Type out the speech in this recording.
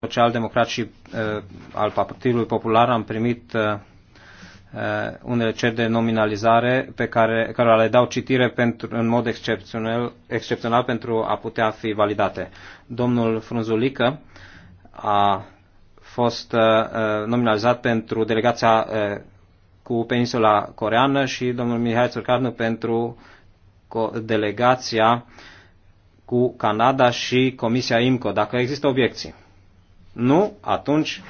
Social-Democrat și uh, al Partidului Popular am primit uh, uh unele cer de nominalizare pe care, care le dau citire pentru, în mod excepțional, excepțional pentru a putea fi validate. Domnul Frunzulică a fost uh, uh, nominalizat pentru delegația uh, cu peninsula coreană și domnul Mihai Țurcarnu pentru delegația cu Canada și Comisia IMCO, dacă există obiecții. Nu? Atunci